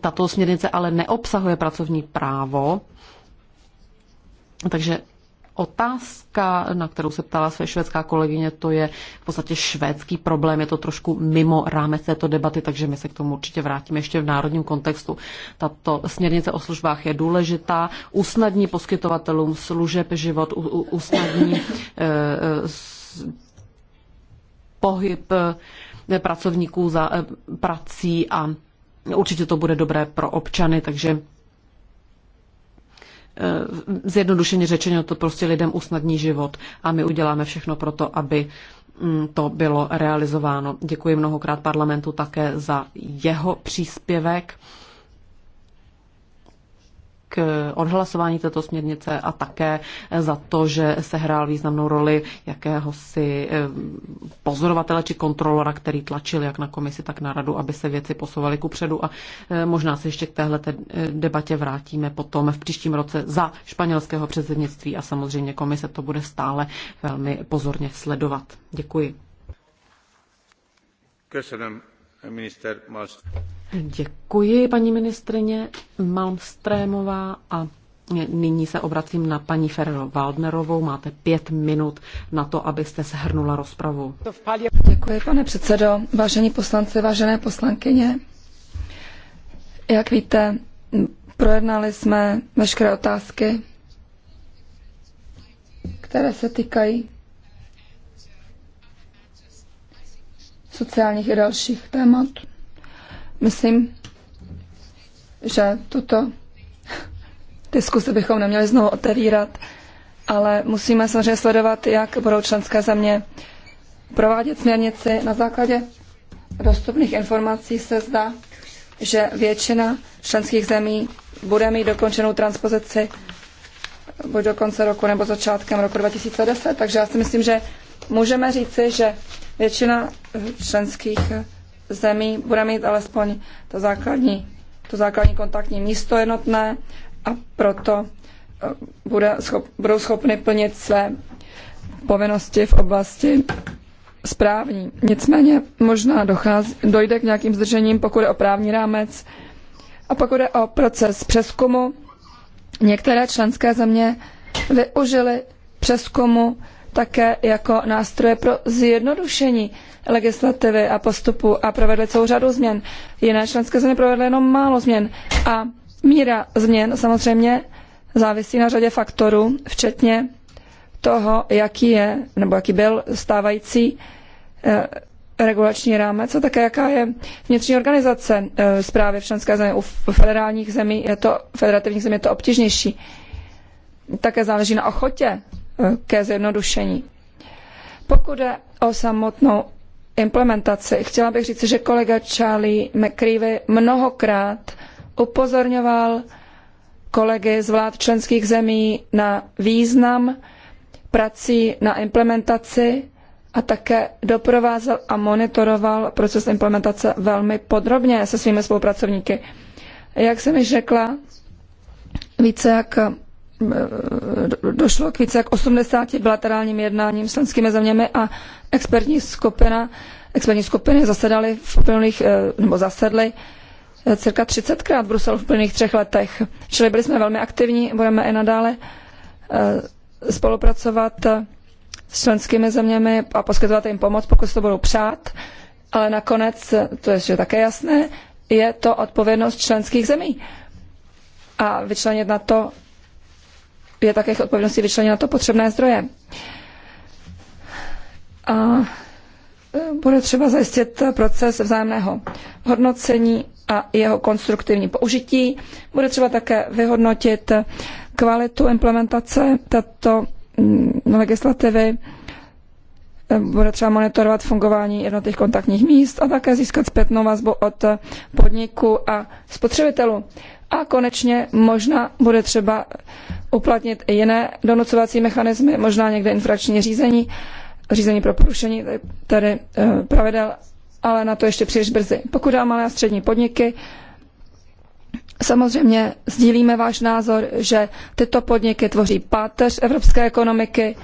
tato směrnice ale neobsahuje pracovní právo, takže otázka, na kterou se ptala své švédská kolegyně, to je v podstatě švédský problém, je to trošku mimo rámec této debaty, takže my se k tomu určitě vrátíme ještě v národním kontextu. Tato směrnice o službách je důležitá, usnadní poskytovatelům služeb život, usnadní e, e, pohyb e, pracovníků za prací a určitě to bude dobré pro občany, takže Eh, zjednodušeně řečeno to prostě lidem usnadní život a my uděláme všechno pro to, aby mm, to bylo realizováno. Děkuji mnohokrát parlamentu také za jeho příspěvek k odhlasování této směrnice a také za to, že se hrál významnou roli jakéhosi eh, pozorovatele či kontrolora, který tlačil jak na komisi, tak na radu, aby se věci posouvaly ku předu a eh, možná se ještě k téhle eh, debatě vrátíme potom v příštím roce za španělského předsednictví a samozřejmě komise to bude stále velmi pozorně sledovat. Děkuji. Děkuji, paní ministrině Malmstrémová. A nyní se obracím na paní Ferro Waldnerovou. Máte pět minut na to, abyste shrnula rozpravu. Děkuji, pane předsedo. Vážení poslanci, vážené poslankyně, jak víte, projednali jsme veškeré otázky, které se týkají sociálních i dalších témat. Myslím, že tuto diskuse bychom neměli znovu otevírat, ale musíme samozřejmě sledovat, jak budou členské země provádět směrnici. Na základě dostupných informací se zdá, že většina členských zemí bude mít dokončenou transpozici buď do konce roku nebo začátkem roku 2010. Takže já si myslím, že můžeme říci, že Většina eh, členských eh, zemí bude mít alespoň to základní, to základní kontaktní místo jednotné a proto eh, bude schop, budou schopny plnit své povinnosti v oblasti správní. Nicméně možná dochází, dojde k nějakým zdržením, pokud je o právní rámec a pokud je o proces přeskumu. Některé členské země využily přeskumu také jako nástroje pro zjednodušení legislativy a postupu a provedly celou řadu změn. Jiné členské země provedly jenom málo změn a míra změn samozřejmě závisí na řadě faktorů, včetně toho, jaký je nebo jaký byl stávající eh, regulační rámec a také jaká je vnitřní organizace správy eh, zprávy v členské zemi. U federálních zemí je to, federativních zemí je to obtížnější. Také záleží na ochotě ke zjednodušení. Pokud jde o samotnou implementaci, chtěla bych říct, že kolega Charlie McCreevy mnohokrát upozorňoval kolegy z vlád členských zemí na význam prací na implementaci a také doprovázel a monitoroval proces implementace velmi podrobně se svými spolupracovníky. Jak jsem již řekla, více jak došlo k více jak 80 bilaterálním jednáním s členskými zeměmi a expertní skupina, expertní skupiny zasedaly v plných, eh, nebo zasedly eh, cirka 30krát v Bruselu v plných třech letech. Čili byli jsme velmi aktivní, budeme i nadále eh, spolupracovat s členskými zeměmi a poskytovat jim pomoc, pokud si to budou přát. Ale nakonec, to je také jasné, je to odpovědnost členských zemí. A vyčlenit na to je také jejich odpovědností vyčlenit na to potřebné zdroje. A e, bude třeba zajistit proces vzájemného hodnocení a jeho konstruktivní použití. Bude třeba také vyhodnotit kvalitu implementace této mm, legislativy. E, bude třeba monitorovat fungování jednotlivých kontaktních míst a také získat zpětnou vazbu od podniku a spotřebitelů. A konečně možná bude třeba uplatnit i jiné donucovací mechanismy, možná někde infrační řízení, řízení pro porušení tady eh, pravidel, ale na to ještě příliš brzy. Pokud dám malé a střední podniky, Samozřejmě sdílíme váš názor, že tyto podniky tvoří páteř evropské ekonomiky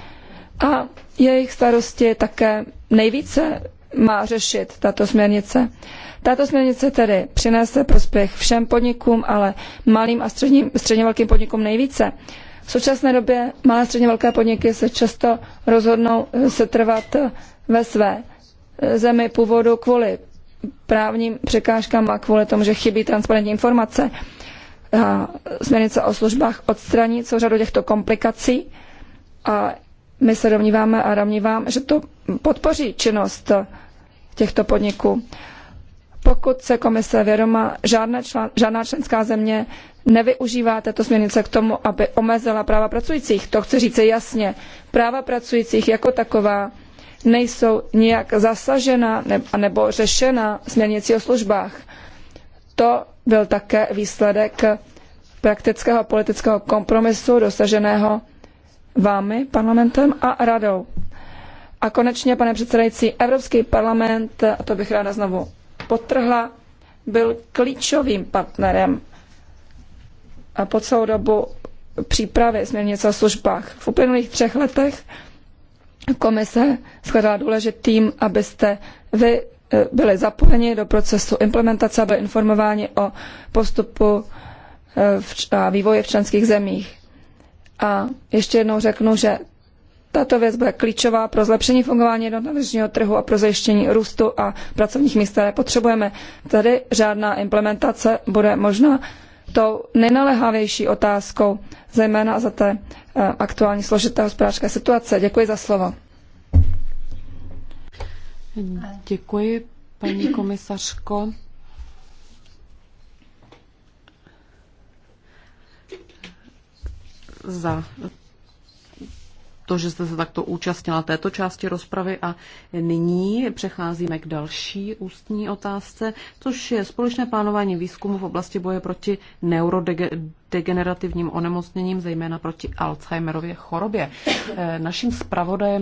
a jejich starosti také nejvíce má řešit tato směrnice. Tato směrnice tedy přinese prospěch všem podnikům, ale malým a středním, středně velkým podnikům nejvíce. V současné době malé a středně velké podniky se často rozhodnou setrvat ve své zemi původu kvůli právním překážkám a kvůli tomu, že chybí transparentní informace. směrnice o službách odstraní celou řadu těchto komplikací a my se domníváme a domnívám, že to podpoří činnost těchto podniků. Pokud se komise vědoma, žádná, člen, žádná členská země nevyužívá této směrnice k tomu, aby omezila práva pracujících. To chci říct jasně. Práva pracujících jako taková nejsou nijak zasažena nebo řešena směrnicí o službách. To byl také výsledek praktického politického kompromisu dosaženého vámi, parlamentem a radou. A konečně, pane předsedající, Evropský parlament, a to bych ráda znovu potrhla, byl klíčovým partnerem a po celou dobu přípravy směrnice o službách. V uplynulých třech letech komise shledala důležitým, abyste vy eh, byli zapojeni do procesu implementace a byli informováni o postupu eh, a vývoji v členských zemích. A ještě jednou řeknu, že tato věc bude klíčová pro zlepšení fungování jednotného trhu a pro zajištění růstu a pracovních míst, které potřebujeme. Tady řádná implementace bude možná tou nejnalehavější otázkou, zejména za té eh, aktuální složité hospodářské situace. Děkuji za slovo. Děkuji, paní komisařko. za to, že jste se takto účastnila této části rozpravy a nyní přecházíme k další ústní otázce, což je společné plánování výzkumu v oblasti boje proti neurodegenerativním onemocněním, zejména proti Alzheimerově chorobě. Eh, naším zpravodajem